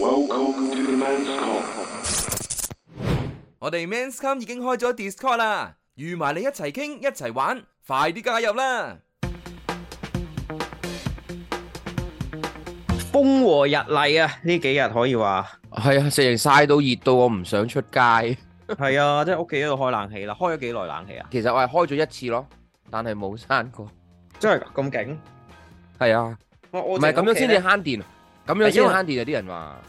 Welcome to the Men's Come。我哋 Men's Come 已經開咗 Discord 啦，預埋你一齊傾一齊玩，快啲加入啦！風和日麗啊，呢幾日可以話係啊，成日曬到熱到我唔想出街。係啊，即係屋企喺度開冷氣啦，開咗幾耐冷氣啊？其實我係開咗一次咯，但係冇閂過。真係噶？咁勁係啊！唔係咁樣先至慳電。咁有，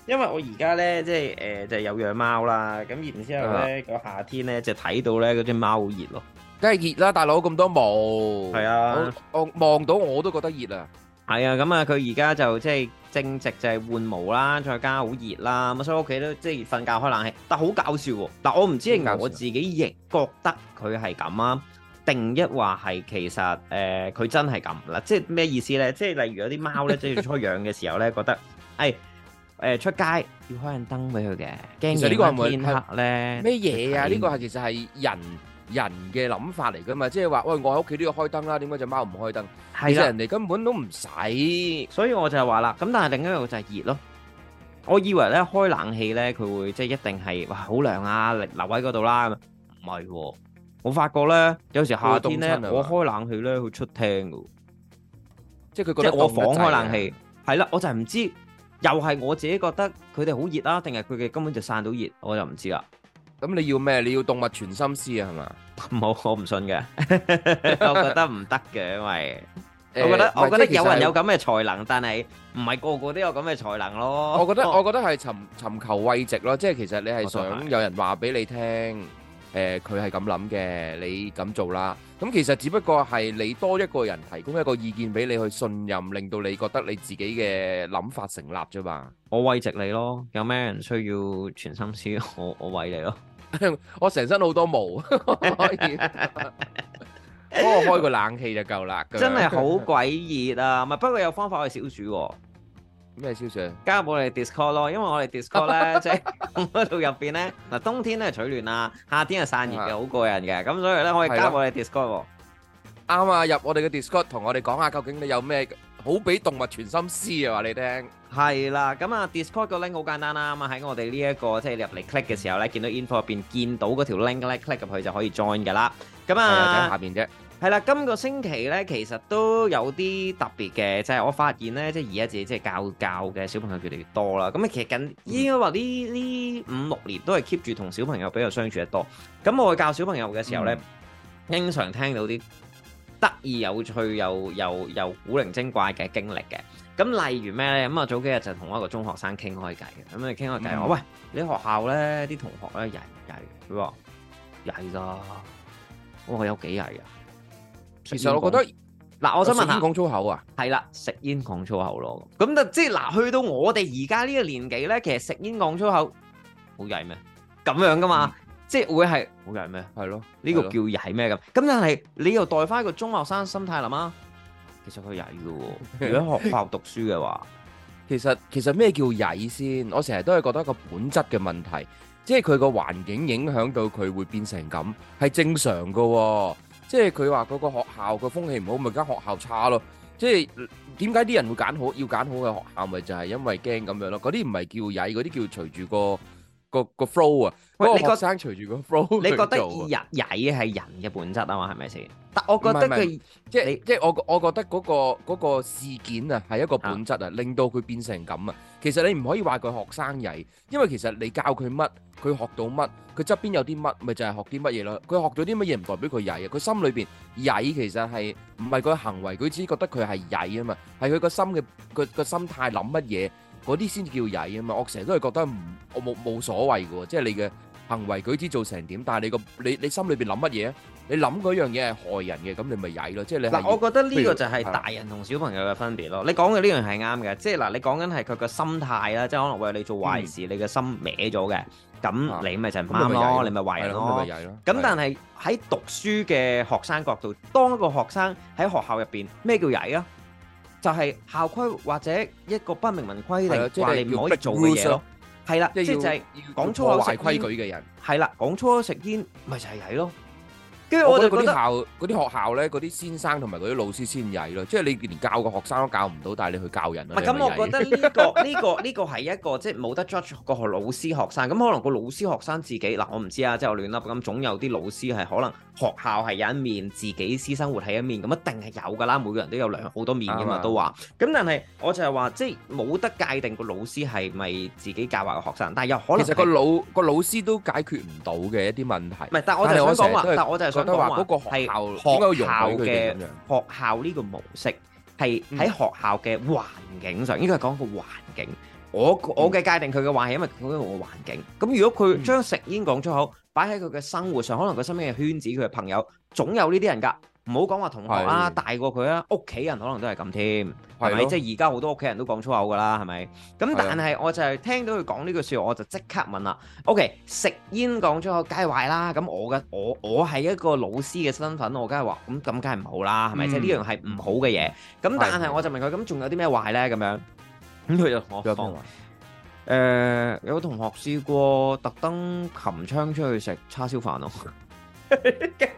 因為我而家咧即係誒、呃、就係、是、有養貓啦，咁然之後咧個、嗯、夏天咧就睇到咧嗰隻貓好熱咯，梗係熱啦，大佬咁多毛，係啊，我望到我都覺得熱啊，係、嗯嗯嗯、啊，咁啊佢而家就即係正值就係換毛啦，再加好熱啦，咁所以屋企都即係瞓覺開冷氣，但好搞笑喎、啊，嗱我唔知點解我自己亦覺得佢係咁啊。定一話係其實誒佢真係咁啦，即係咩意思咧？即係例如有啲貓咧，最初養嘅時候咧，覺得誒誒出街要開緊燈俾佢嘅。驚其實呢個係唔係咧咩嘢啊？呢個係其實係人人嘅諗法嚟噶嘛，即係話喂，我喺屋企都要開燈啦，點解隻貓唔開燈？係啊，人哋根本都唔使。所以我就係話啦，咁但係另一個就係熱咯。我以為咧開冷氣咧佢會即係一定係哇好涼啊，留喺嗰度啦，唔係喎。我發覺咧，有時夏天咧，我開冷氣咧，佢出廳噶，即係佢覺得我房開冷氣係啦，我就係唔知，又係我自己覺得佢哋好熱啊，定係佢哋根本就散到熱，我就唔知啦。咁你要咩？你要動物全心思啊？係嘛？冇，我唔信嘅，我覺得唔得嘅，因為我覺得我覺得有人有咁嘅才能，但係唔係個個都有咁嘅才能咯。我覺得我覺得係尋尋求慰藉咯，即係其實你係想有人話俾你聽。誒，佢係咁諗嘅，你咁做啦。咁其實只不過係你多一個人提供一個意見俾你去信任，令到你覺得你自己嘅諗法成立啫嘛。我慰藉你咯，有咩人需要全心思，我我慰你咯。 我成身好多毛，不 過 開個冷氣就夠啦。 真係好鬼熱啊！唔不過有方法去以消暑。咩消息？加入我哋 Discord 咯，因為我哋 Discord 咧，即係入到入邊咧，嗱冬天咧取暖啊，夏天係散熱嘅，好過癮嘅，咁所以咧我哋加入我哋 Discord 喎。啱啊，入我哋嘅 Discord，同我哋講下究竟你有咩好俾動物傳心師啊，話你聽。係啦，咁啊 Discord 個 link 好簡單啦，咁啊喺我哋呢一個即係入嚟 click 嘅時候咧，見到 info 入邊見到嗰條 link 咧 click 入去就可以 join 噶啦。咁啊喺下邊啫。係啦，今個星期咧，其實都有啲特別嘅，就係我發現咧，即係而家自己即係教教嘅小朋友越嚟越多啦。咁啊，其實近應該話呢呢五六年都係 keep 住同小朋友比較相處得多。咁我去教小朋友嘅時候咧，經常聽到啲得意有趣又又又古靈精怪嘅經歷嘅。咁例如咩咧？咁啊早幾日就同一個中學生傾開偈，嘅。咁啊傾開偈話喂，你學校咧啲同學咧曳唔曳？佢話曳咋？我有幾曳啊？其實我覺得嗱，我想問下，講粗口啊，係啦，食煙講粗口咯。咁就即係嗱，去到我哋而家呢個年紀咧，其實食煙講粗口好曳咩？咁樣噶嘛，即係會係好曳咩？係咯，呢個叫曳咩咁？咁但係你又代翻一個中學生心態啦嘛？其實佢曳噶，如果學校讀書嘅話，其實其實咩叫曳先？我成日都係覺得一個本質嘅問題，即係佢個環境影響到佢會變成咁，係正常噶。即係佢話嗰個學校嘅風氣唔好，咪間學校差咯。即係點解啲人會揀好要揀好嘅學校？咪就係、是、因為驚咁樣咯。嗰啲唔係叫曳，嗰啲叫隨住個。個個 flow 啊，學生隨住個 flow，你覺得曳曳係人嘅本質啊嘛，係咪先？但我覺得佢即係即係我我覺得嗰個嗰個事件啊係一個本質啊，令到佢變成咁啊。其實你唔可以話佢學生曳，因為其實你教佢乜，佢學到乜，佢側邊有啲乜，咪就係學啲乜嘢咯。佢學咗啲乜嘢唔代表佢曳啊，佢心裏邊曳其實係唔係佢行為，佢只覺得佢係曳啊嘛，係佢個心嘅個個心態諗乜嘢。嗰啲先至叫曳啊嘛！我成日都係覺得唔，我冇冇所謂嘅喎，即係你嘅行為舉止做成點，但係你個你你心裏邊諗乜嘢咧？你諗嗰樣嘢係害人嘅，咁你咪曳咯！即係你嗱，我覺得呢個就係大人同小朋友嘅分別咯。你講嘅呢樣係啱嘅，即係嗱，你講緊係佢個心態啦，即係可能為你做壞事，你嘅心歪咗嘅，咁你咪就係唔啱咯，你咪壞咯，咁但係喺讀書嘅學生角度，當一個學生喺學校入邊，咩叫曳啊？就係校規或者一個不明文規定，的你唔可以做嘅嘢咯，係啦，即係就係講粗口壞規矩嘅人。係啦，講粗口食煙，咪就係係咯。跟住我就覺得嗰啲校嗰啲 學校咧，嗰啲先生同埋嗰啲老師先曳咯，即係你連教個學生都教唔到，但係你去教人咪咁？啊、我覺得呢、這個呢、 這個呢、這個係一個即係冇得 judge 個老師學生。咁可能個老師學生自己嗱，我唔知啊，即係我亂噏。咁總有啲老師係可能學校係有一面，自己私生活係一面，咁一定係有㗎啦。每個人都有良好多面㗎嘛，吧都話。咁但係我就係話，即係冇得界定個老師係咪自己教壞個學生，但係又可能其實個老個老師都解決唔到嘅一啲問題。唔係，但我就想話，但我就係。覺得話嗰個係學校嘅學校呢個模式，係喺學校嘅環境上，應該係講一個環境。我我嘅界定，佢嘅話係因為嗰個環境。咁如果佢將食煙講出口，擺喺佢嘅生活上，可能佢身邊嘅圈子，佢嘅朋友總有呢啲人㗎。唔好講話同學啦，的大過佢啦，屋企人可能都係咁添，係咪？的即係而家好多屋企人都講粗口噶啦，係咪？咁但係我就係聽到佢講呢句説話，我就即刻問啦。的 o、okay, K，食煙講粗口，梗係壞啦。咁我嘅我我係一個老師嘅身份，我梗係話咁咁梗係唔好啦，係咪？嗯、即係呢樣係唔好嘅嘢。咁但係我就問佢，咁仲有啲咩壞咧？咁樣咁佢又同我講誒，的有，有，有同學試過特登擒槍出去食叉燒飯咯。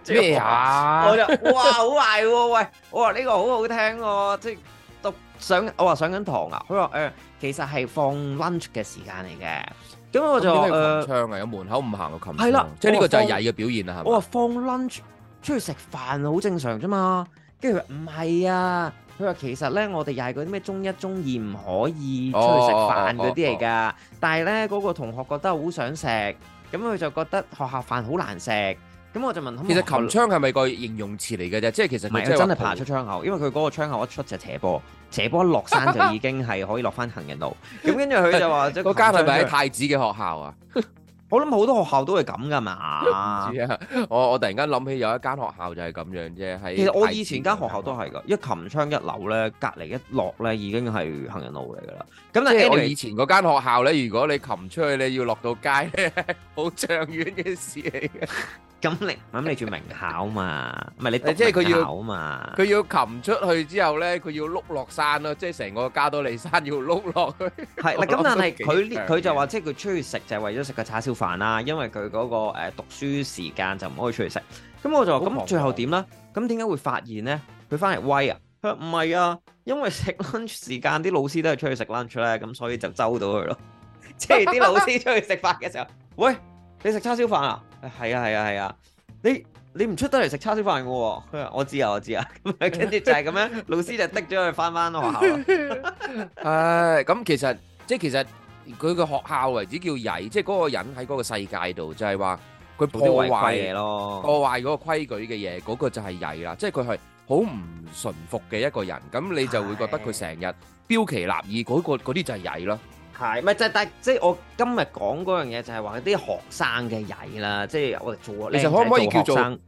咩呀？我就哇，好壞喎！喂，我話呢個好好聽，即係讀上，我話上緊堂啊。佢話誒，其實係放 lunch 嘅時間嚟嘅。咁我就誒，槍啊，有門口唔行個琴。係啦，即係呢個就係曳嘅表現啦。我話放 lunch 出去食飯好正常啫嘛。跟住唔係啊，佢話其實咧，我哋又係嗰啲咩中一中二唔可以出去食飯嗰啲嚟㗎。但係咧，嗰個同學覺得好想食，咁佢就覺得學校飯好難食。咁我就問，其實琴窗係咪個形容詞嚟嘅啫？即係其實佢真係爬出窗口，因為佢嗰個窗口一出就斜坡，斜坡一落山就已經係可以落翻行人路。咁跟住佢就話，即係嗰間係咪喺太子嘅學校啊？我諗好多學校都係咁噶嘛。我我突然間諗起有一間學校就係咁樣啫。其實我以前間學校都係噶，一琴窗一樓咧，隔離一落咧已經係行人路嚟噶啦。咁但係我以前嗰間學校咧，如果你琴出去你要落到街，好長遠嘅事嚟嘅。咁 你，咁你住名校嘛？唔係你即係佢要，考嘛？佢要擒出去之後咧，佢要碌落山咯。即係成個加多利山要碌落去。係 咁的我 但係佢，佢就話即係佢出去食就係為咗食個叉燒飯啦。因為佢嗰個誒讀書時間就唔可以出去食。咁我就話咁最後點咧？咁點解會發現咧？佢翻嚟威啊！佢話唔係啊，因為食 lunch，那個呃、時間啲、啊啊、老師都係出去食 lunch 咧，咁所以就周到佢咯。即係啲老師出去食飯嘅時候，喂。你食叉燒飯啊？係啊係，啊係啊！你你唔出得嚟食叉燒飯嘅喎。我知啊我知啊。跟 住就係咁樣，老師就拎咗佢返返學校。誒，咁其實即係其實佢個學校嚟，只叫曳，即係嗰個人喺嗰個世界度就係話佢破壞嘢咯，規規破壞嗰個規矩嘅嘢，嗰、嗰個就係曳啦。即係佢係好唔順服嘅一個人，咁你就會覺得佢成日標奇立異，嗰、嗰、啲、個嗰個、就係曳咯。係，唔係就係，但即係我今日講嗰樣嘢就係話啲學生嘅曳啦，即係我哋做。其實可唔可以叫做，生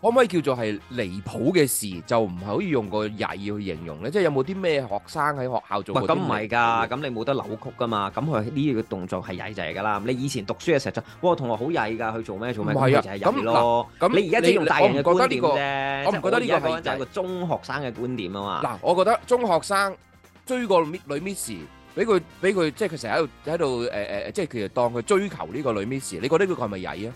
可唔可以叫做係離譜嘅事，就唔係可以用個曳去形容咧？即係有冇啲咩學生喺學校做？咁唔係噶，咁你冇得扭曲噶嘛？咁佢呢嘢嘅動作係曳就係噶啦。你以前讀書嘅時候就，就哇，同學好曳噶，去做咩做咩？唔係啊，咁嗱那，咁你而家即係用大人嘅觀點咧，我覺得呢、呢個,呢個就係個中學生嘅觀點啊嘛。嗱，我覺得中學生追個女 miss。俾佢俾佢，即係佢成日喺度喺度誒誒，即係其實當佢追求呢個女 miss，你覺得佢係咪曳啊？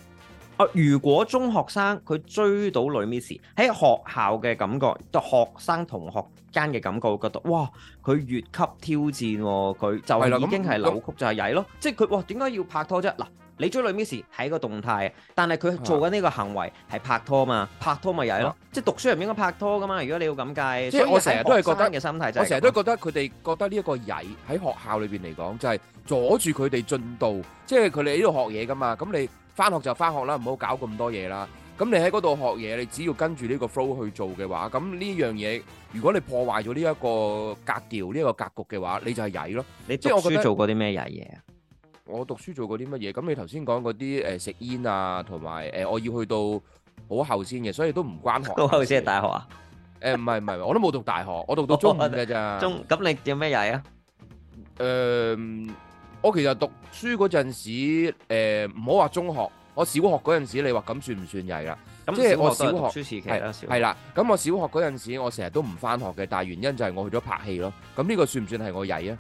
啊，如果中學生佢追到女 miss，喺學校嘅感覺，學生同學間嘅感覺，覺得哇，佢越級挑戰，佢就係已經係扭曲就係曳咯，即係佢哇，點解要拍拖啫嗱？你追女 miss 係一個動態，但係佢做緊呢個行為係拍拖嘛？拍拖咪曳咯，即係是讀書人唔應該拍拖噶嘛？如果你要咁計，即係我成日都係覺得，心態就我成日都覺得佢哋覺得呢一個曳喺學校裏邊嚟講就係、是、阻住佢哋進度，即係佢哋喺度學嘢噶嘛。咁你翻學就翻學啦，唔好搞咁多嘢啦。咁你喺嗰度學嘢，你只要跟住呢個 flow 去做嘅話，咁呢樣嘢如果你破壞咗呢一個格調、呢、呢個格局嘅話，你就係曳咯。你我讀書即係我覺得做過啲咩曳嘢啊？我讀書做過啲乜嘢？咁、嗯、你頭先講嗰啲誒食煙啊，同埋誒我要去到好後先嘅，所以都唔關學事。好後先係大學啊？誒唔係唔係，我都冇讀大學，我讀到中五㗎咋。中咁你叫咩曳啊？誒、呃，我其實讀書嗰陣時，唔好話中學，我小學嗰陣時，你話咁算唔算曳啦？小即係我小學。時期啊、小期係啦，咁我小學嗰陣時，我成日都唔翻學嘅，但係原因就係我去咗拍戲咯。咁呢個算唔算係我曳啊？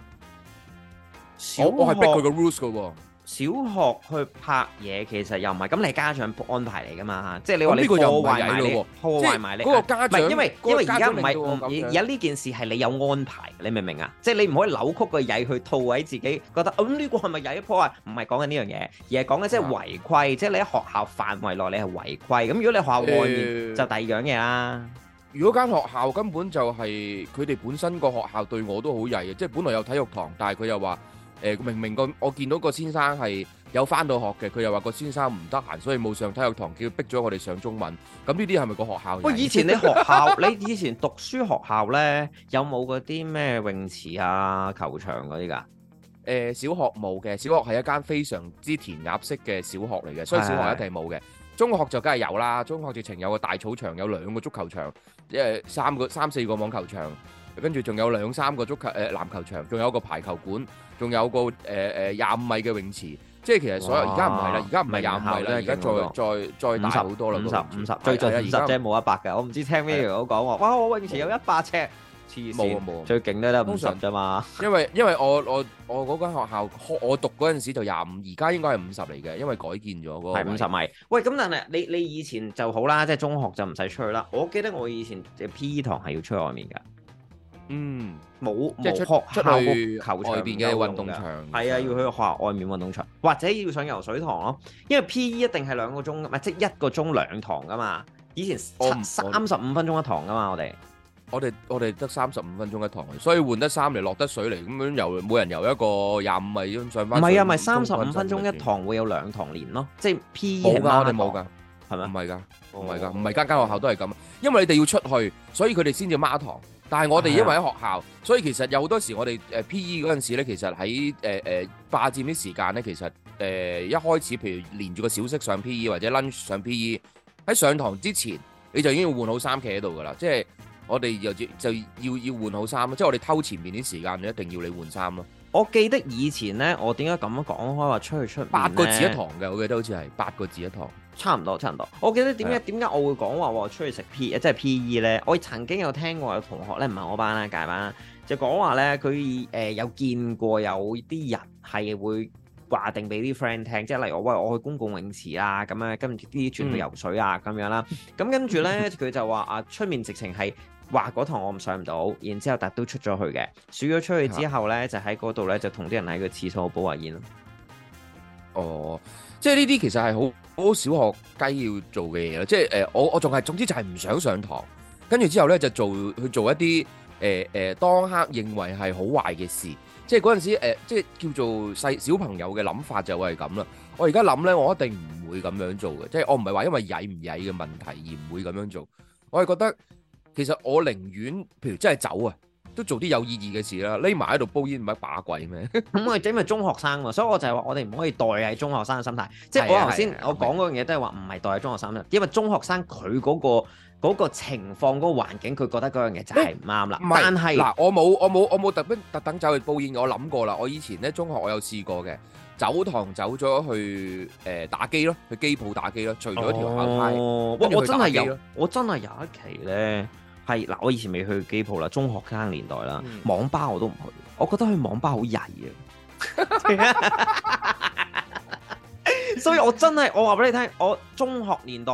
哦、我我係逼佢個 rules 噶，小學去拍嘢其實又唔係咁，是你是家長安排嚟噶嘛？即、就、係、是、你話你破壞埋，破壞埋咧。嗰是、哎、個家長因為因為而家唔係而家呢件事係你有安排，你明唔明啊？即、就、係、是、你唔可以扭曲個曳去套位自己，覺得哦呢個係咪曳一坡啊？唔係講緊呢樣嘢，而係講緊即係違規，即係你喺學校範圍內你係違規。咁、嗯、如果你學校外面、嗯、就第二樣嘢啦、啊。如果間學校根本就係佢哋本身個學校對我都好曳嘅，即係本來有體育堂，但係佢又話。誒、呃、明明個我見到個先生係有返到學嘅，佢又話個先生唔得閒，所以冇上體育堂，叫逼咗我哋上中文。咁呢啲係咪個學校？喂，以前你學校， 你以前讀書學校呢，有冇嗰啲咩泳池啊、球場嗰啲㗎？誒、呃，小學冇嘅，小學係一間非常之填鴨式嘅小學嚟嘅，所以小學一定冇嘅。的中學就梗係有啦，中學直情有個大草場，有兩個足球場，誒三個三四個網球場，跟住仲有兩三個足球誒籃、呃、球場，仲有一個排球館。仲有個誒誒廿五米嘅泳池，即係其實所有而家唔係啦，而家唔係廿五米啦，而家再再再大好多啦，五十五十，最近二十即冇一百㗎，我唔知聽咩人講話，哇！我泳池有一百尺，黐線，最勁得得五十咋嘛？因為因為我我我嗰間學校，我讀嗰陣時就廿五，而家應該係五十嚟嘅，因為改建咗嗰個係五十米。喂，咁但係你你以前就好啦，即係中學就唔使出去啦。我記得我以前即係 P.E. 堂係要出外面㗎。嗯，冇即係出去球場外邊嘅運動場，係啊，要去學校外面運動場，或者要上游水堂咯。因為 P.E. 一定係兩個鐘，唔係即係一個鐘兩堂噶嘛。以前三三十五分鐘一堂噶嘛，我哋我哋我哋得三十五分鐘一堂，所以換得三嚟，落得水嚟咁樣游，每人游一個廿五米咁上班。唔係啊，咪，三十五分鐘一堂會有兩堂連咯，即係 P.E. 我哋冇噶，係咪？唔係噶，唔係噶，唔係間間學校都係咁，因為你哋要出去，所以佢哋先至孖堂。.但係我哋因為喺學校，所以其實有好多時我哋誒 P.E. 嗰陣時咧，其實喺誒誒霸佔啲時間咧，其實誒、呃、一開始譬如連住個小息上 P.E. 或者 lunch 上 P.E. 喺上堂之前你就已經要換好衫企喺度㗎啦，即係我哋又要就要要換好衫咯，即係我哋偷前面啲時間，你一定要你換衫咯。我記得以前咧，我點解咁樣講開話出去出八個字一堂嘅，我記得好似係八個字一堂。差唔多，差唔多。我記得點解點解我會講話喎？出去食 P 啊，即係 P.E 呢。我曾經有聽過有同學說說呢，唔係我班啦，界班啦，就講話呢。佢誒有見過有啲人係會話定俾啲 friend 聽，即係例如我喂我去公共泳池啦，咁樣啊，跟住啲轉去游水啊，咁樣啦。咁跟住呢，佢就話啊，出面直情係話嗰堂我唔上唔到，然之後但都出咗去嘅，選咗出去之後呢，了就喺嗰度呢，就同啲人喺個廁所補下煙咯。哦，即係呢啲其實係好好小學雞要做嘅嘢啦，即係誒、呃，我我仲係，總之就係唔想上堂，跟住之後咧就做去做一啲誒誒，當刻認為係好壞嘅事，即係嗰陣時誒、呃，即係叫做細小朋友嘅諗法就會係咁啦。我而家諗咧，我一定唔會咁樣做嘅，即係我唔係話因為曳唔曳嘅問題而唔會咁樣做，我係覺得其實我寧願譬如真係走啊。都做啲有意義嘅事啦，匿埋喺度煲煙唔係把鬼咩？咁我整為中學生啊，所以我就係話我哋唔可以代喺中學生嘅心態。即係我頭先我講嗰樣嘢都係話唔係代喺中學生，因為中學生佢嗰、嗰個嗰個情況嗰、嗰個環境，佢覺得嗰樣嘢就係唔啱啦。但係嗱，我冇我冇我冇特登特登走去煲煙，我諗過啦。我以前咧中學我有試過嘅，走堂走咗去誒、呃、打機咯，去機鋪打機咯，除咗條行。梯、哦。我我，我真係有，我真係有一期咧。係嗱，我以前未去機鋪啦，中學生年代啦，嗯、網吧我都唔去，我覺得去網吧好曳啊。 所以我真係我話俾你聽，我中學年代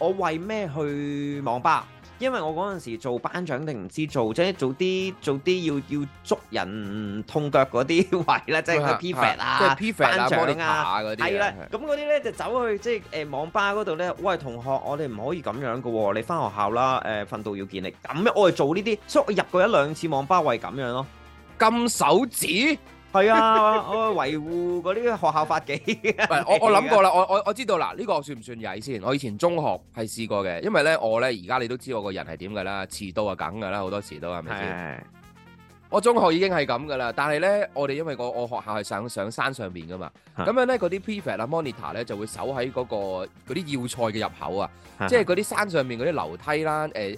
我為咩去網吧？因為我嗰陣時做班長，定唔知做即係做啲做啲要要捉人痛腳嗰啲位啦，即係 P fat 啊，即係 P fat 班長啊，係啦，咁嗰啲咧就走去即係誒網吧嗰度咧，喂同學，我哋唔可以咁樣噶，你翻學校啦，誒訓導要見你咁樣，我係做呢啲，所以我入過一兩次網吧位咁樣咯，金手指。係啊 ，我維護嗰啲學校法紀。我我諗過啦，我我我知道啦，呢、呢個算唔算曳先？我以前中學係試過嘅，因為咧我咧而家你都知我個人係點㗎啦，遲到係梗㗎啦，好多遲到係咪先？是是 我中學已經係咁㗎啦，但係咧我哋因為個我學校係上上山上面㗎嘛，咁 樣咧，嗰啲 prefect 啊 monitor 咧就會守喺嗰、嗰個嗰啲要塞嘅入口啊， 即係嗰啲山上面嗰啲樓梯啦，誒誒誒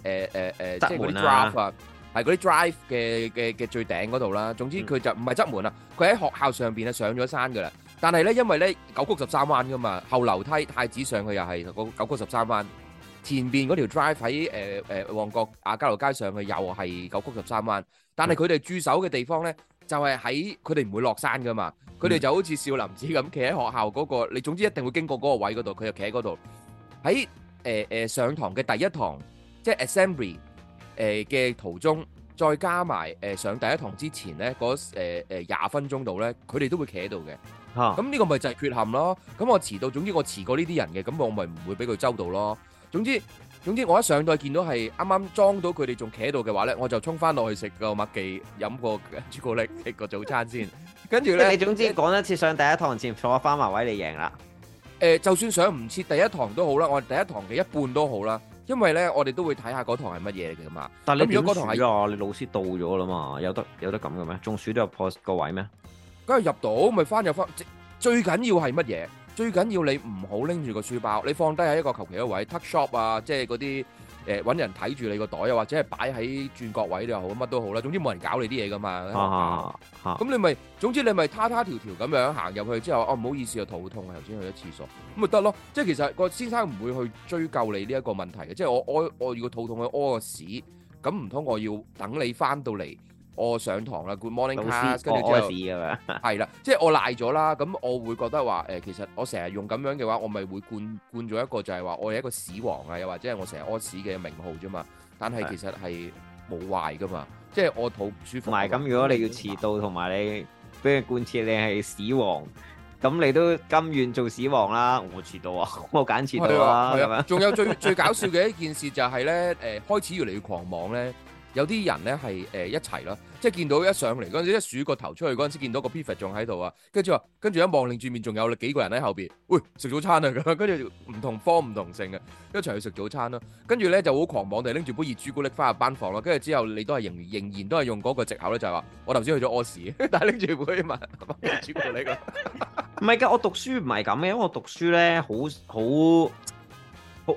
即係嗰啲啊。係嗰啲 drive 嘅嘅嘅，最頂嗰度啦，總之佢就唔係側門啊，佢喺學校上邊啊上咗山噶啦。但係咧，因為咧九曲十三彎噶嘛，後樓梯太子上去又係個九曲十三彎，前邊嗰條 drive 喺誒誒旺角亞皆老街上去又係九曲十三彎。但係佢哋駐守嘅地方咧，就係喺佢哋唔會落山噶嘛，佢哋就好似少林寺咁，企喺學校嗰個，你總之一定會經過嗰個位嗰度，佢就企喺嗰度。喺誒誒上堂嘅第一堂，即係 assembly。誒嘅途中，再加埋誒上第一堂之前咧，嗰誒誒廿分鐘度咧，佢哋都會企喺度嘅。嚇，咁呢個咪就係缺陷咯。咁我遲到，總之我遲過呢啲人嘅，咁我咪唔會俾佢周到咯。總之總之，我一上台見到係啱啱裝到佢哋仲企喺度嘅話咧，我就衝翻落去食個麥記，飲個朱古力，食個早餐先。跟住咧，即係你總之講一次上第一堂前坐翻埋位你贏啦。誒，就算上唔切第一堂都好啦，我第一堂嘅一半都好啦。因為咧，我哋都會睇下嗰堂係乜嘢嚟嘅嘛。但係你中暑啊，你老師到咗啦嘛，有得有得咁嘅咩？中暑都有破個位咩？梗係入到咪翻入翻？最緊要係乜嘢？最緊要你唔好拎住個書包，你放低喺一個求其一位 Tuck Shop 啊，即係嗰啲。誒揾人睇住你個袋啊，或者係擺喺轉角位又好，乜都好啦。總之冇人搞你啲嘢噶嘛。咁、啊啊、你咪總之你咪他他條條咁樣行入去之後，哦、啊、唔好意思啊，肚痛啊，頭先去咗廁所，咁咪得咯。即係其實個先生唔會去追究你呢一個問題嘅。即係我屙，我要個肚痛去屙個屎，咁唔通我要等你翻到嚟？我上堂啦，Good morning class，跟住之後係啦、啊啊，即係我賴咗啦，咁我會覺得話誒、欸，其實我成日用咁樣嘅話，我咪會灌灌咗一個就係話我係一個屎王啊，又或者係我成日屙屎嘅名號啫嘛。但係其實係冇壞噶嘛，即係我肚唔舒服。唔係咁，如果你要遲到同埋你俾佢貫徹，你係屎王，咁你都甘願做屎王啦。我遲到啊，我揀遲到啦、啊，仲有、 啊啊、最 最搞笑嘅一件事就係、是、咧，誒、呃、開始越嚟越狂妄咧。有啲人咧係誒一齊咯，即係見到一上嚟嗰陣時，一豎個頭出去嗰陣時，見到個 Pifa 仲喺度啊，跟住話，跟住一望令住面仲有啦，幾個人喺後邊，喂，食早餐啊咁，跟住唔同科唔同性啊，一齊去食早餐咯，跟住咧就好狂妄地拎住杯熱朱古力翻入班房咯，跟住之後你都係仍仍然都係用嗰個藉口咧，就係、係、話我頭先去咗屙屎，但係拎住杯嘛熱朱古力咁，唔係㗎，我讀書唔係咁嘅，因為我讀書咧好好。好好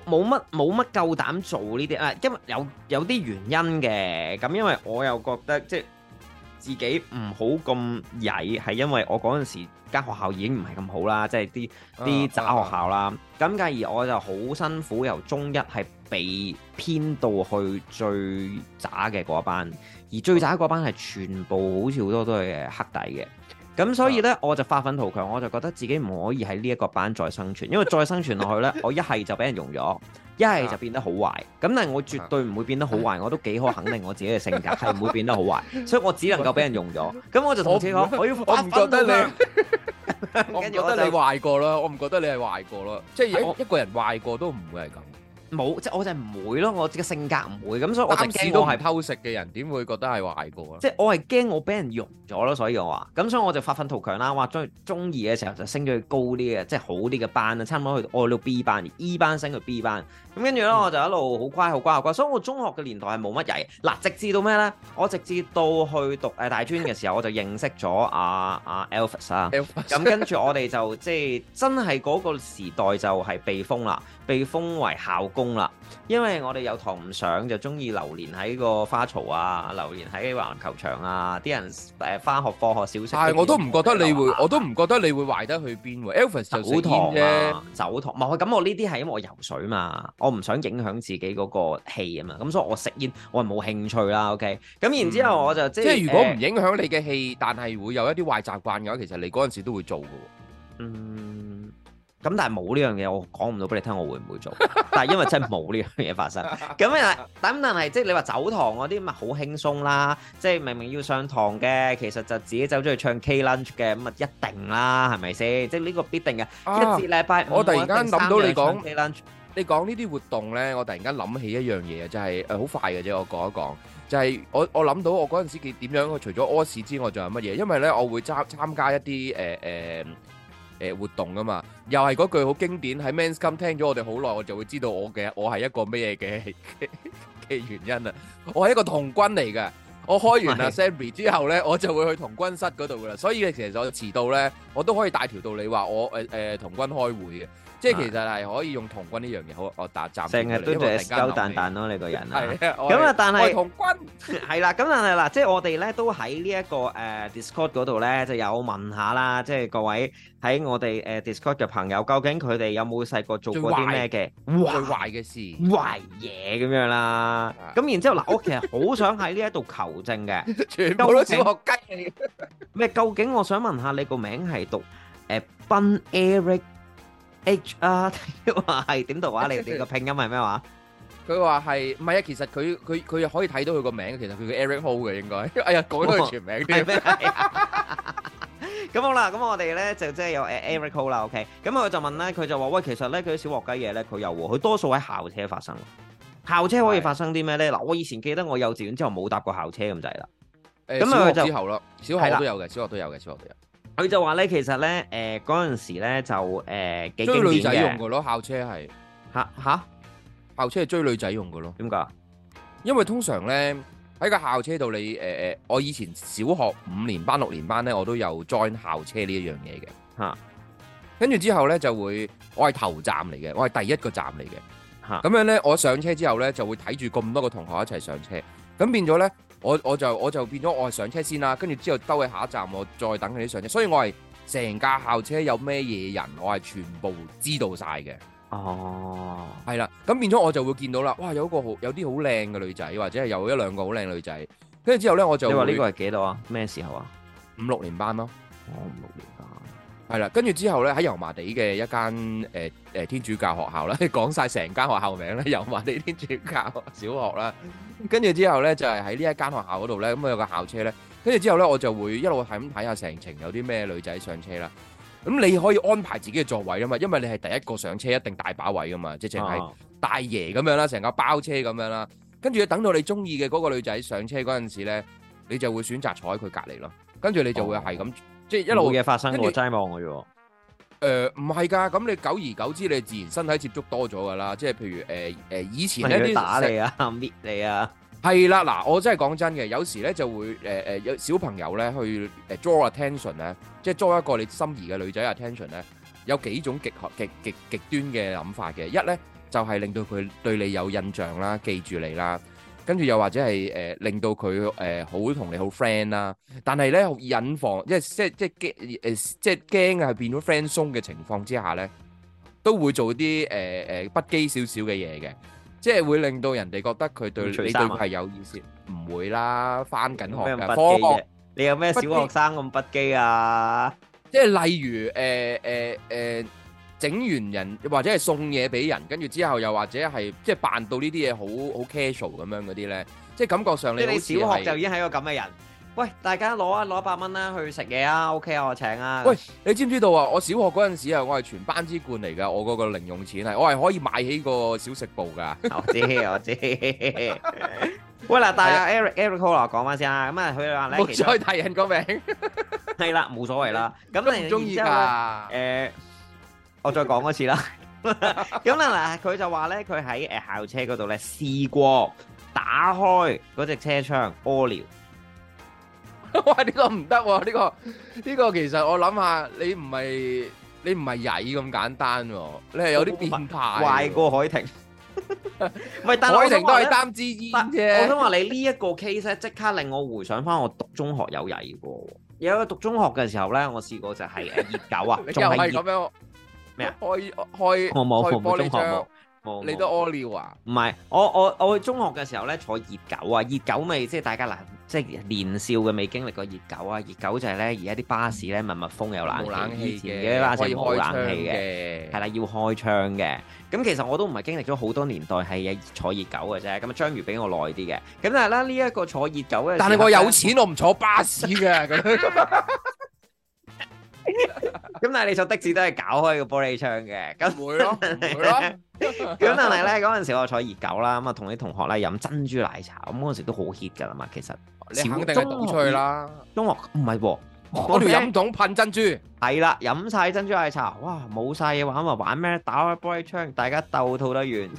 冇乜冇乜夠膽做呢啲啊，因為有有啲原因嘅咁，因為我又覺得即係自己唔好咁曳，係因為我嗰陣時間學校已經唔係咁好啦，即係啲啲渣學校啦。咁繼、啊、而我就好辛苦，由中一係被編到去最渣嘅嗰班，而最渣嗰班係全部好似好多都係黑底嘅。咁、嗯、所以呢，我就發奮圖強，我就覺得自己唔可以喺呢一個班再生存，因為再生存落去呢， 我一係就俾人用咗，一係就變得好壞。咁但係我絕對唔會變得好壞，我都幾可肯定我自己嘅性格係唔會變得好壞，所以我只能夠俾人用咗。咁我就同自己講，我唔覺得你，我覺得你壞過咯， 我唔覺得你係壞過咯，即係一一個人壞過都唔會係咁。冇，即係我就唔會咯，我自己性格唔會咁，所以我知道都係偷食嘅人，點會覺得係壞個？即係我係驚我俾人用咗咯，所以我話咁，所以我就發奮圖強啦。哇，中中二嘅時候就升咗去高啲嘅，即係好啲嘅班啦，差唔多去到 A B 班，而 E 班升去 B 班。咁跟住咧，我就一路好乖好乖好乖，乖，所以我中學嘅年代係冇乜嘢。嗱，直至到咩咧？我直至到去讀誒大專嘅時候，我就認識咗阿阿 Elvis 啊。咁跟住我哋就即係真係嗰個時代就係被封啦，被封為校。公啦，因為我哋有堂唔上，就中意留連喺個花槽啊，留連喺籃球場啊，啲人誒翻學放學小息。但我都唔覺得你會，啊、我都唔覺得你會壞得去邊。啊、Elvis 就走堂啫，走堂。唔、啊、係，咁我呢啲係因為我游水嘛，我唔想影響自己嗰個氣啊嘛。咁所以我食煙，我係冇興趣啦。OK，咁然之後我就、嗯、即係如果唔影響你嘅氣，欸、但係會有一啲壞習慣嘅話，其實你嗰陣時都會做噶。嗯。咁但係冇呢樣嘢，我講唔到俾你聽，我會唔會做？但係因為真係冇呢樣嘢發生。咁啊，等等係即係你話走堂嗰啲，咪好輕鬆啦。即係明明要上堂嘅，其實就自己走咗去唱 K lunch 嘅，咁啊一定啦，係咪先？即係呢個必定嘅。一至禮拜我突然間諗到你講 K lunch，你講呢啲活動咧，我突然間諗起一樣嘢啊，就係誒好快嘅啫，我講一講，就係我我諗到我嗰陣時點樣除咗屙屎之外，仲有乜嘢？因為咧，我會參參加一啲誒誒。誒活動啊嘛，又係嗰句，好經典喺 Men's Come 聽咗我哋好耐，我就會知道我嘅我係一個咩嘅嘅原因啊！我係一個童軍嚟嘅，我開完啦 Sammy 之後咧，我就會去童軍室嗰度噶啦，所以其實我遲到咧，我都可以大條道理話我誒誒童軍開會嘅。即係其實係可以用童軍呢樣嘢好，我但暫正係都住雞鳩蛋蛋咯，你個人啊。咁啊、 嗯，但係童軍係啦，咁 但係嗱，即係我哋咧都喺、這個 uh, 呢一個誒 Discord 嗰度咧就有問下啦，即係各位喺我哋誒、uh, Discord 嘅朋友，究竟佢哋有冇細個做過啲咩嘅壞壞嘅事、壞嘢咁樣啦？咁 然之後嗱，我其實好想喺呢一度求證嘅， 全部都小學雞嚟嘅。唔 究，究竟我想問下你個名係讀誒、uh, Ben Eric？H 啊，佢話係點讀啊？你哋個拼音係咩話？佢話係，唔係啊。其實佢佢佢又可以睇到佢個名。其實佢叫 Eric Ho 嘅，應該。哎呀，改咗個全名咩？咁好啦，咁我哋咧就即係有 Eric Ho 啦。OK，咁佢就問咧，佢就話喂，其實咧佢啲小學雞嘢咧，佢又，佢多數喺校車發生。校車可以發生啲咩咧？嗱的，我以前記得我幼稚園之後冇搭過校車咁、嗯、滯啦。咁啊就小學之後咯，小學都有嘅，小學都有嘅，小學都有。佢就話咧，其實咧，誒嗰陣時咧就誒幾經典嘅。追女仔用嘅咯，校車係嚇嚇，哈校車係追女仔用嘅咯。點解？因為通常咧喺個校車度，你誒誒，我以前小學五年班、六年班咧，我都有 join 校車呢一樣嘢嘅嚇。哈跟住之後咧就會，我係頭站嚟嘅，我係第一個站嚟嘅嚇。咁哈樣咧，我上車之後咧就會睇住咁多個同學一齊上車，咁變咗咧。我我就我就變咗，我係上車先啦，跟住之後兜去下一站，我再等嗰啲上車。所以我係成架校車有咩嘢人，我係全部知道晒嘅。哦，係啦，咁變咗我就會見到啦。哇，有一個好有啲好靚嘅女仔，或者係有一兩個好靚女仔。跟住之後咧，我就話呢個係幾多啊？咩時候啊？五六年班咯，哦，五六年。係啦，跟住之後咧，喺油麻地嘅一間誒誒、呃、天主教學校啦，講晒成間學校名啦，油麻地天主教小學啦。跟住之後咧，就係喺呢一間學校嗰度咧，咁、嗯、有個校車咧。跟住之後咧，我就會一路係咁睇下成程有啲咩女仔上車啦。咁你可以安排自己嘅座位啊嘛，因為你係第一個上車，一定大把位啊嘛，即淨係大爺咁樣啦，成個包車咁樣啦。跟住等到你中意嘅嗰個女仔上車嗰陣時咧，你就會選擇坐喺佢隔離咯。跟住你就會係咁。即係一路嘅發生過，我齋望我啫。誒，唔係噶，咁你久而久之，你自然身體接觸多咗噶啦。即係譬如誒誒、呃呃，以前呢啲打你啊，搣整你啊，係啦。嗱，我真係講真嘅，有時咧就會誒誒、呃，有小朋友咧去誒 draw attention 咧，即係 draw 一個你心儀嘅女仔 attention 咧，有幾種極極極極端嘅諗法嘅。一咧就係、是、令到佢對你有印象啦，記住你啦。跟住又或者係誒、呃、令到佢誒好同你好 friend 啦、啊，但係咧隱防，即係即係即係驚誒，即係驚嘅係變咗 friend 鬆嘅情況之下咧，都會做啲誒誒不羈少少嘅嘢嘅，即係會令到人哋覺得佢對、啊、你對佢係有意思。唔會啦，返緊學嘅，科學你有咩小學生咁不羈啊？即係例如誒誒誒。呃呃呃呃整完人或者係送嘢俾人，跟住之後又或者係即係扮到呢啲嘢好好 casual 咁樣嗰啲咧，即係感覺上你好似小學就已經係一個咁嘅人。喂，大家攞啊攞一百蚊啦去食嘢啊，OK 啊我請啊！喂，你知唔知道啊？我小學嗰陣時啊，我係全班之冠嚟㗎，我嗰個零用錢係我係可以買起個小食部㗎。我知我知。喂嗱，大家 Eric Eric Koala 講返先啊，咁啊佢話你再提人個名，係啦冇所謂啦。咁你中意㗎？誒。我再講一次啦，咁啦，佢就話咧，佢喺誒校車嗰度咧試過打開嗰隻車窗屙尿。喂，呢個唔得，呢個呢個其實我諗下，你唔係你唔係曳咁簡單，你係有啲變態，壞過海婷。唔係，海婷都係擔支煙啫。我想話你呢一個 case 即刻令我回想翻我讀中學有曳過，有讀中學嘅時候咧，我試過就係熱狗啊，仲係熱。咩啊？開開開玻璃窗，你都屙尿啊？唔係，我我我去中學嘅時候咧坐熱狗啊，熱狗咪即係大家嗱，即係年少嘅未經歷過熱狗啊，熱狗就係咧，而家啲巴士咧，密密封有冷冷氣嘅，巴士冇冷氣嘅，係啦要開窗嘅。咁其實我都唔係經歷咗好多年代係坐熱狗嘅啫，咁啊章魚比我耐啲嘅。咁但係咧呢一個坐熱狗咧，但係我有錢我唔坐巴士嘅。咁 但係你坐的士都係搞開個玻璃窗嘅，咁唔會咯，咁 但係咧嗰陣時我坐熱狗啦，咁啊同啲同學咧飲珍珠奶茶，咁嗰陣時都好 hit 噶啦嘛。其實你肯定係倒出去啦，因為唔係噃，我條飲筒噴珍珠。係啦，飲晒珍珠奶茶，哇，冇晒嘢玩啊，玩咩？打開玻璃窗，大家鬥吐得完。咁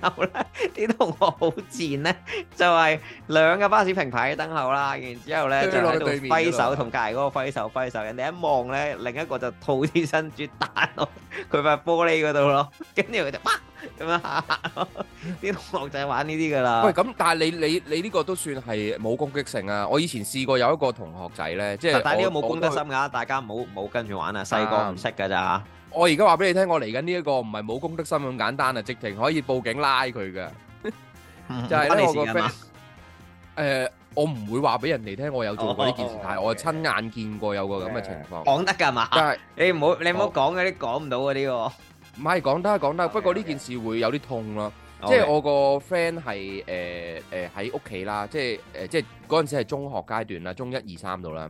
然後咧，啲同學好賤咧，就係兩個巴士並排喺燈後啦。然之後咧就喺度揮手同隔籬嗰個揮手揮手。人哋一望咧，另一個就吐啲珍珠彈落佢塊玻璃嗰度咯。跟住佢就，咁樣啲同學就玩呢啲噶啦。喂，咁但係你你你呢個都算係冇攻擊性啊？我以前試過有一個同學仔咧，即係但係呢個冇公德心噶，大家唔好唔好跟。玩啊！細個唔識噶咋，我而家話俾你聽，我嚟緊呢一個唔係冇公德心咁簡單啊，直情可以報警拉佢㗎。就係咧，我個 friend 誒，我唔會話俾人哋聽我有做過呢件事，但係我親眼見過有個咁嘅情況。講得㗎嘛？但係你唔好你唔好講嗰啲講唔到嗰啲喎。唔係講得講得，不過呢件事會有啲痛咯。即係我個 friend 係誒誒喺屋企啦，即係誒即係嗰陣時係中學階段啦，中一二三度啦。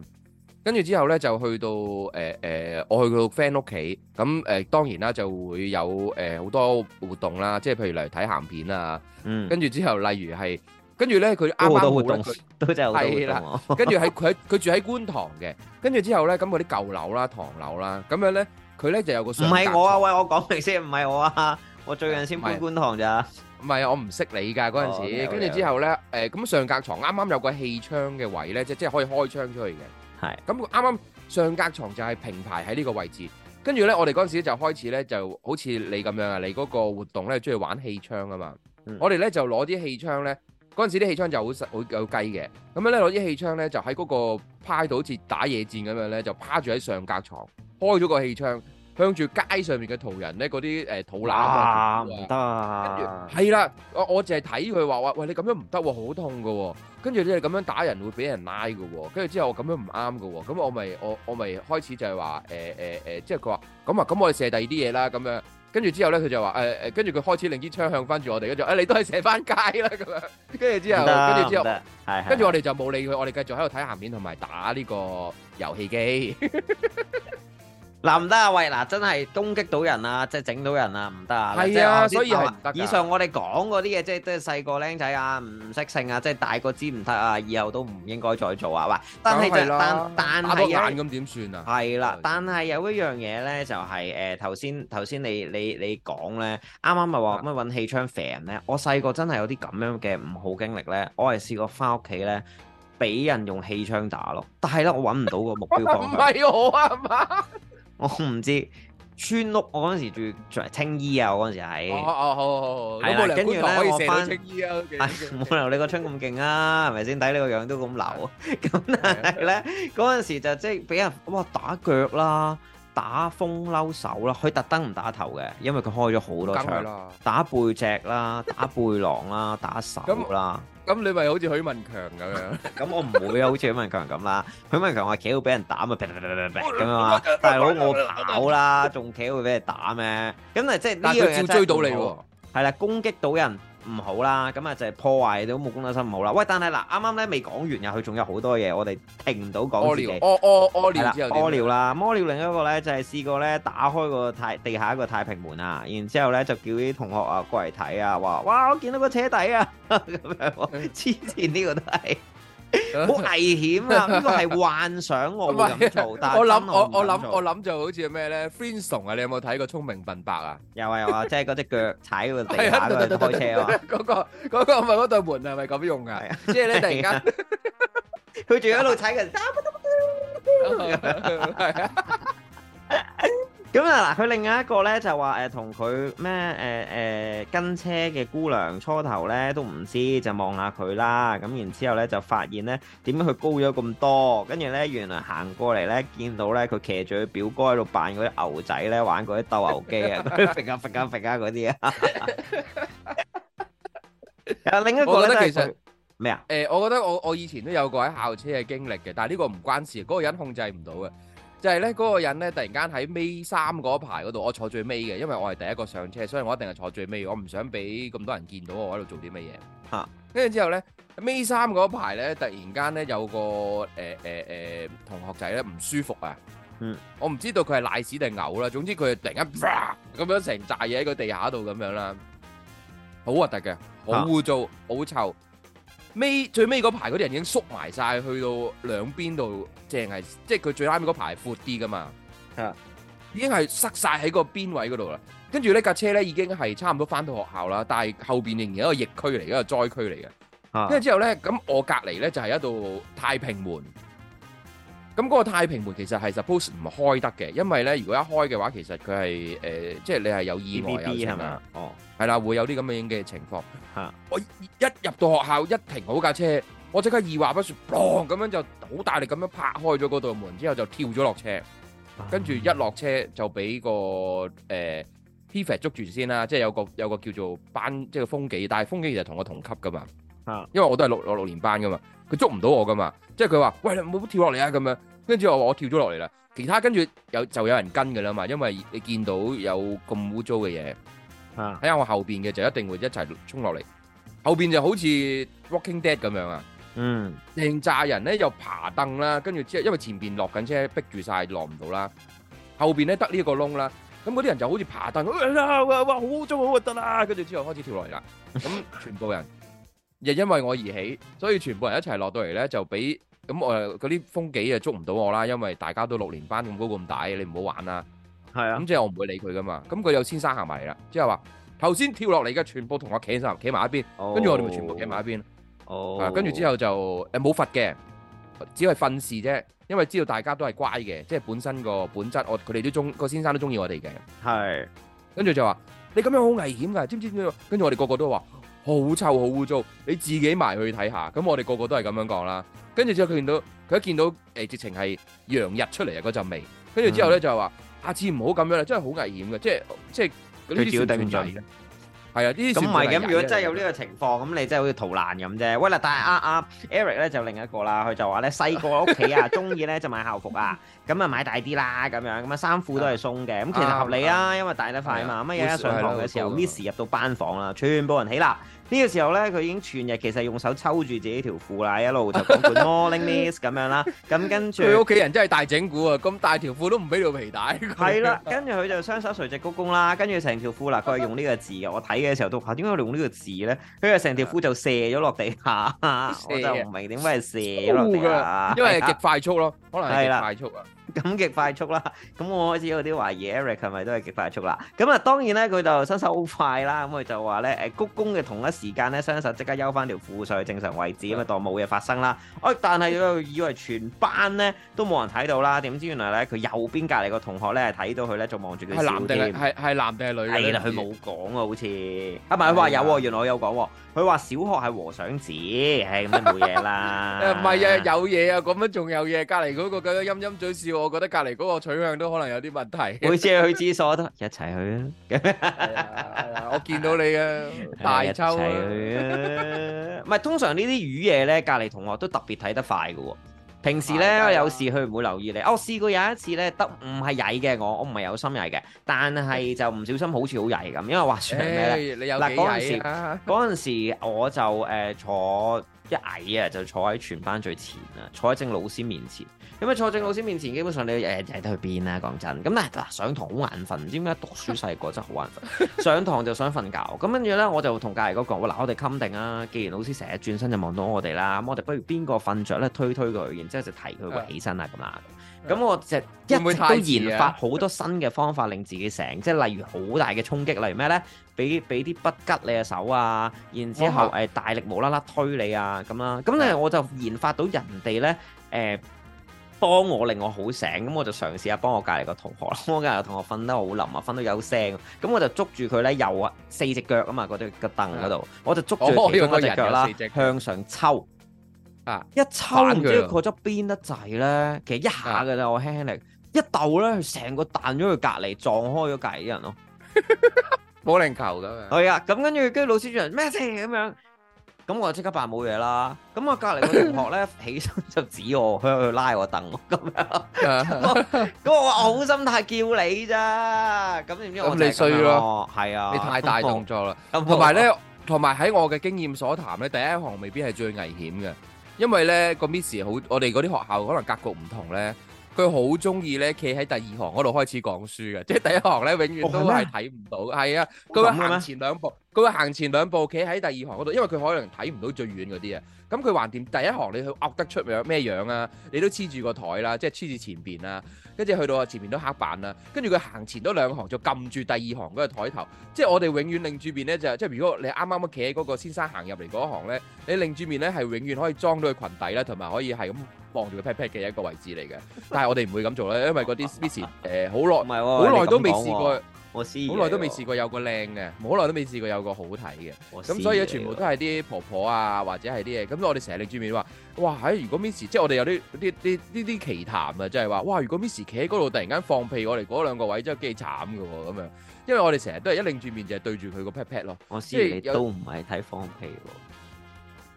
跟住之後咧，就去到誒誒，我去佢 friend 屋企，咁誒當然啦，就會有誒好多活動啦，即係譬如嚟睇鹹片啊，嗯，跟住之後，例如係跟住咧，佢啱啱我係啦，跟住喺佢佢住喺觀塘嘅，跟住之後咧，咁嗰啲舊樓啦、唐樓啦，咁樣咧，佢咧就有個上格牀，唔係我啊，喂，我講明先，唔係我啊，我最近先搬觀塘咋，唔係我。唔識你㗎，嗰陣時，跟住之後咧，誒咁上格牀啱啱有個氣窗嘅位咧，即即係可以開窗出去嘅。係咁啱啱上格床就係平排喺呢個位置，跟住咧我哋嗰陣時就開始咧就好似你咁樣啊，你嗰個活動咧中意玩氣槍啊嘛，嗯、我哋咧就攞啲氣槍咧，嗰陣時啲氣槍就，氣就好實會有雞嘅，咁樣咧攞啲氣槍咧就喺嗰個派度好似打野戰咁樣咧，就趴住喺上格床開咗個氣槍。向住街上面嘅途人咧，嗰啲誒肚腩唔得，係啦、啊啊啊，我我淨係睇佢話話，喂你咁樣唔得喎，好痛㗎喎、哦，跟住你咁樣打人會俾人拉㗎喎，跟住之後我咁樣唔啱㗎喎，咁我咪我我咪開始就係話誒誒誒，即係佢話咁啊，咁我哋射第二啲嘢啦咁樣，跟住之後咧佢就話誒誒，跟住佢開始另一支槍向翻住我哋跟住：「啊、哎、你都係射翻街啦咁樣，跟住之後跟住之後，跟住我哋就冇理佢，我哋繼續喺度睇下面同埋打呢個遊戲機。 嗱唔得啊喂，嗱真係攻擊到人啊，即係整到人啊，唔得啊！係啊，所以係。以上我哋講嗰啲嘢，即係都係細個僆仔啊，唔識性啊，即係大個知唔得啊，以後都唔應該再做啊。喂、啊，但係但但係，打爛咁點算啊？係啦，但係有一樣嘢咧，就係誒頭先頭先你你你講咧，啱啱咪話乜揾氣槍射人咧？我細個真係有啲咁樣嘅唔好經歷咧，我係試過翻屋企咧，俾人用氣槍打咯。但係咧，我揾唔到個目標。唔係我啊嘛。我唔知，村屋我嗰陣時住喺青衣啊！我嗰陣時喺、哦，哦哦好好，係、哦、啦，跟住咧我翻青衣啊，冇留、哎、你個槍咁勁啊，係咪先？睇的你個樣都咁流，咁的但係咧嗰陣時就即係俾人哇打腳啦，打風褸手啦，佢特登唔打頭嘅，因為佢開咗好多槍啦，打背脊啦，打背囊啦，打手啦。 咁你咪好似許文強咁樣，咁 我唔會啊！好似許文強咁啦，許文強話企喎俾人打嘛，咁啊， 大佬我跑啦，仲企會俾人打咩？咁啊，即係呢樣嘢真係追到你喎、哦，係啦，攻擊到人。唔好啦，咁啊就係破壞到冇公德心唔好啦。喂，但係嗱，啱啱咧未講完呀，佢仲有好多嘢，我哋停唔到講自己屙尿，屙屙屙尿啦，屙尿啦。屙尿了另一個咧就係、是、試過咧打開個太地下一個太平門啊，然之後咧就叫啲同學啊過嚟睇啊，話哇我見到個車底啊，咁樣黐線呢個都係。好 危險啊！呢個係幻想，想，想，我冇諗做。但我諗，我我諗，我諗就好似咩咧？Friend 慫啊！你有冇睇過《聰明笨伯》啊？有啊有啊，即係嗰隻腳踩喺度地下度開車啊！嗰、 嗰個嗰、嗰個唔係嗰對門係咪咁用噶？即係咧突然間，佢仲喺度踩緊。咁啊嗱，佢另外一個咧就話誒，同佢咩誒誒跟車嘅姑娘初頭咧都唔知，就望下佢啦。咁然之後咧就發現咧點解佢高咗咁多，跟住咧原來行過嚟咧見到咧佢騎住佢表哥喺度扮嗰啲牛仔咧玩嗰啲鬥牛機啊，嗰啲揈啊揈啊揈啊嗰啲啊。啊，另一個咧其實咩啊？誒，我覺得我我以前都有過喺校車嘅經歷嘅，但係呢個唔關事，嗰個人控制唔到嘅。就係咧，嗰、那個人咧，突然間喺尾三嗰排嗰度，我坐最尾嘅，因為我係第一個上車，所以我一定係坐最尾。我唔想俾咁多人見到我喺度做啲乜嘢。嚇、啊！跟住之後咧，尾三嗰排咧，突然間咧有個誒誒誒同學仔咧唔舒服啊！嗯，我唔知道佢係瀨屎定嘔啦，總之佢突然間咁、呃、樣成扎嘢喺個地下度咁樣啦，好核突嘅，好污糟，好、啊、臭。尾最尾嗰排嗰啲人已經縮埋晒，去到兩邊度，淨係即係佢最啱尾嗰排闊啲㗎嘛，吓已經係塞晒喺個邊位嗰度啦。跟住呢架車咧已經係差唔多返到學校啦，但係後邊仍然一個疫區嚟嘅，一個災區嚟嘅。跟住、啊、之後咧，咁我隔離咧就係、是、一道太平門。咁嗰個太平門其實係 suppose 唔開得嘅，因為咧，如果一開嘅話，其實佢係誒，即係你係有意外啊，係嘛？哦，係啦，會有啲咁樣嘅情況。嚇！我一入到學校，一停好架車，我即刻二話不說，咁樣就好大力咁樣拍開咗嗰道門，之後就跳咗落車。跟住一落車就俾個 t i f a 捉住先啦，即係有個有個叫做班，即係個風紀，但係風紀其實同我同級㗎嘛。嚇！因為我都係六六六年班㗎嘛。佢捉唔到我噶嘛，即係佢話，喂，你冇跳落嚟啊咁樣，跟住我話我跳咗落嚟啦，其他跟住有就有人跟噶啦嘛因為你見到有咁污糟嘅嘢，喺、啊、我後邊嘅就一定會一齊衝落嚟，後邊就好似 Walking Dead 咁樣啊，嗯，靚炸人咧又爬凳啦，跟住之後因為前邊落緊車逼住晒落唔到啦，後邊咧得呢個窿啦，咁嗰啲人就好似爬凳，哇哇，哇好污糟好核突啦，跟住之後開始跳落嚟啦，咁全部人。 又因為我而起，所以全部人一齊落到嚟咧，就俾咁我嗰啲風紀啊捉唔到我啦，因為大家都六年班咁高咁大，你唔好玩啦。係是啊、嗯，咁即係我唔會理佢噶嘛。咁、嗯、佢有先生行埋嚟啦，之後話頭先跳落嚟嘅全部同我企喺身，企埋一邊，跟住、哦、我哋咪全部企埋一邊。哦、啊，跟住之後就誒冇罰嘅，只係訓示啫，因為知道大家都係乖嘅，即係本身個本質，我佢哋都中個先生都中意我哋嘅。係是，跟住就話你咁樣好危險噶，知唔知？跟住我哋個,個個都話。好臭，好污糟，你自己埋去睇下。咁我哋個個都係咁樣講啦。跟住之後佢見到，佢一見到，誒、欸，直情係洋溢出嚟啊！嗰陣味。跟住之後咧、嗯、就係話，下次唔好咁樣啦，真係好危險嘅，即係即係。佢叫底片仔。是係啊，呢啲咁唔係咁。 如果真係有呢個情況，咁 你真係好似逃難咁啫。喂啦，但係啊啊 Eric 咧就另一個啦，佢就話咧細個屋企啊，中意咧就買校服啊，咁啊買大啲啦咁樣，咁啊衫褲都係鬆嘅，咁其實合理啊，啊因為大得快啊嘛。咁啊的，的上堂嘅時候 Miss 入到班房啦，全部人起立。呢個時候咧，佢已經全日其實用手抽住自己條褲喇，一路就講 morning miss 咁樣啦。咁跟住，佢屋企人真係大整蠱啊！咁大條褲都唔俾條皮帶。係啦了 ，跟住佢就雙手垂直鞠躬啦。跟住成條褲啦，佢係用呢個字。我睇嘅時候都話，點解用呢個字咧？佢係成條褲就卸咗落地下，卸的 我就唔明點解卸落地下，因為極快速咯，了可能係極快速啊。咁極快速啦，咁我開始有啲懷疑 Eric 係咪都係極快速啦？咁啊，當然咧，佢就伸手好快啦，咁佢就話咧，誒鞠躬嘅同一時間咧，雙手即刻休翻條褲上去正常位置，咁啊當冇嘢發生啦。哎，但係佢以為全班咧都冇人睇到啦，點知原來咧佢右邊隔離個同學咧睇到佢咧，仲望住佢笑添。係係男定係女？係啦，佢冇講啊，好似啊唔係佢話有喎，原來我有講喎。佢話小學係和尚寺，係咁就冇嘢啦。唔係啊，有嘢啊，咁樣仲有嘢，隔離嗰個咁樣陰陰嘴笑。我覺得隔離嗰個取向都可能有啲問題。每次去廁所都一齊去啊、 哎！我見到你啊，大抽啊！唔係通常呢啲雨夜咧，隔離同學都特別睇得快嘅喎、哦。平時咧的、啊、有時佢唔會留意你。我試過有一次咧，得唔係曳嘅，我我唔係有心曳嘅，但係就唔小心好似好曳咁。因為話説係咩咧，嗱，嗰陣時嗰陣時我就誒、呃、坐一矮啊，就坐喺全班最前啊，坐喺正老師面前。咁啊！坐正老師面前，基本上你日日都去邊啦？講真，咁咧嗱，上堂好眼瞓，唔知點解讀書細個真係好眼瞓，上堂就想瞓覺。咁跟住呢，我就同隔籬嗰個，嗱，我哋襟定啦。既然老師成日轉身就望到我哋啦，咁我哋不如邊個瞓着咧，推推佢，然之後就提佢起身啊咁啊。咁我就一直都研發好多新嘅方法，令自己醒，即係例如好大嘅衝擊，例如咩呢？俾俾啲筆吉你嘅手啊，然之後誒大力無啦啦推你啊，咁啦。咁咧我就研發到人哋呢。」誒。幫我令我好醒，咁我就嘗試下幫我隔離個同學。我隔離個同學瞓得好冧啊，瞓到有聲，咁、嗯、我就捉住佢咧，又啊四隻腳啊嘛，嗰對凳嗰度，我就捉住其中一隻腳啦，向上抽、哦、四隻啊，一抽唔知過咗邊得滯咧，其實一下嘅啫，我輕輕力一竇咧，佢成個彈咗去隔離，撞開咗隔離啲人咯，保齡 球咁啊，係啊，咁跟住跟老師就咩聲咁樣。咁我即刻扮冇嘢啦，咁我隔籬個同學咧 起身就指我，佢去拉我凳，咁樣，咁 我，我好心態叫你咋，咁點知我？咁你衰咯，係啊，你太大動作啦。同埋咧，同埋喺我嘅經驗所談咧，第一行未必係最危險嘅，因為咧個 miss 好，我哋嗰啲學校可能格局唔同咧，佢好中意咧企喺第二行嗰度開始講書嘅，即係第一行咧永遠都係睇唔到，係、哦、嗎啊，咁行前兩步。佢會行前兩步，企喺第二行嗰度，因為佢可能睇唔到最遠嗰啲啊。咁佢橫掂第一行，你去惡得出咩樣啊？你都黐住個台啦，即係黐住前邊啦。跟住去到啊前面都黑板啦。跟住佢行前多兩行，就撳住第二行嗰個台頭。即係我哋永遠擰住面咧，就即係如果你啱啱企喺嗰個先生行入嚟嗰行咧，你擰住面咧係永遠可以裝到佢裙底啦，同埋可以係咁望住佢 pat pat 嘅一個位置嚟嘅。但係我哋唔會咁做咧，因為嗰啲之前誒好耐好耐都未試過。我好耐都未試過有個靚嘅，好耐都未試過有個好睇嘅，咁 see 所以咧，全部都係啲婆婆啊或者係啲嘢，咁我哋成日擰住面話，哇！喺如果 Miss 即係我哋有啲啲啲呢啲奇談啊，就係話，哇！如果 Miss 企喺嗰度突然間放屁，我，我哋嗰兩個位真係幾慘㗎喎，咁樣，因為我哋成日都係一擰住面就係對住佢個 pat pat 咯，即係都唔係睇放屁喎。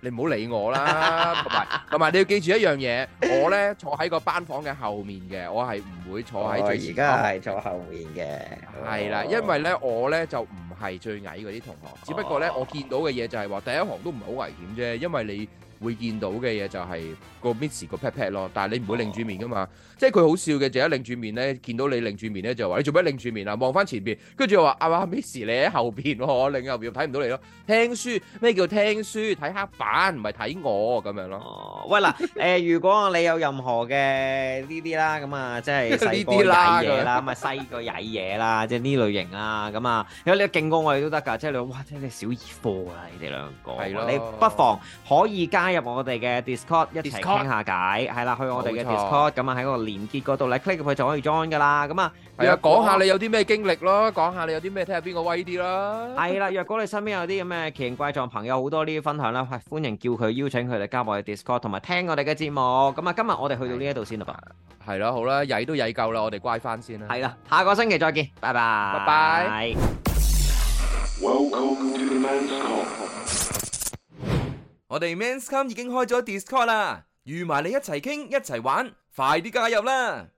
你唔好理我啦，同埋同埋你要記住一樣嘢，我咧坐喺個班房嘅後面嘅，我係唔會坐喺最前。我而家係坐後面嘅。係、哦、啦，因為咧我咧就唔係最矮嗰啲同學，只不過咧我見到嘅嘢就係話第一行都唔係好危險啫，因為你，會見到嘅嘢就係個 miss 個 pat pat 咯，但係你唔會擰住面噶嘛，即係佢好笑嘅，就一擰住面咧，見到你擰住面咧就話你做咩擰住面啊？望翻前邊，跟住又話啊 miss 你喺後邊，我擰後邊睇唔到你咯。聽書咩叫聽書？睇黑板唔係睇我咁樣咯。喂嗱，誒如果你有任何嘅呢啲啦，咁啊即係細個曳嘢啦，咁啊細個曳嘢啦，即係呢類型啊，咁啊，有你勁過我哋都得噶，即係你哇，真係小兒科啦，你哋兩個，你不妨可以加。入我哋嘅 Discord 一齊傾下偈，係啦，去我哋嘅 Discord，咁啊喺個連結嗰度咧，click 佢就可以 join 噶啦。咁啊，係啊，講下你有啲咩經歷咯，講下你有啲咩，聽下邊個威啲啦。係啦，若果你身邊有啲咁嘅奇形怪狀朋友，好多呢啲分享啦，歡迎叫佢，邀請佢哋加入我哋 Discord，同埋聽我哋嘅節目。咁啊，今日我哋去到呢一度先啦，係咯，好啦，曳都曳夠啦，我哋乖翻先啦。係啦，下個星期再見，拜拜，拜拜。我哋 Men's Come 已經開咗 Discord 啦，預埋你一齊傾一齊玩，快啲加入啦！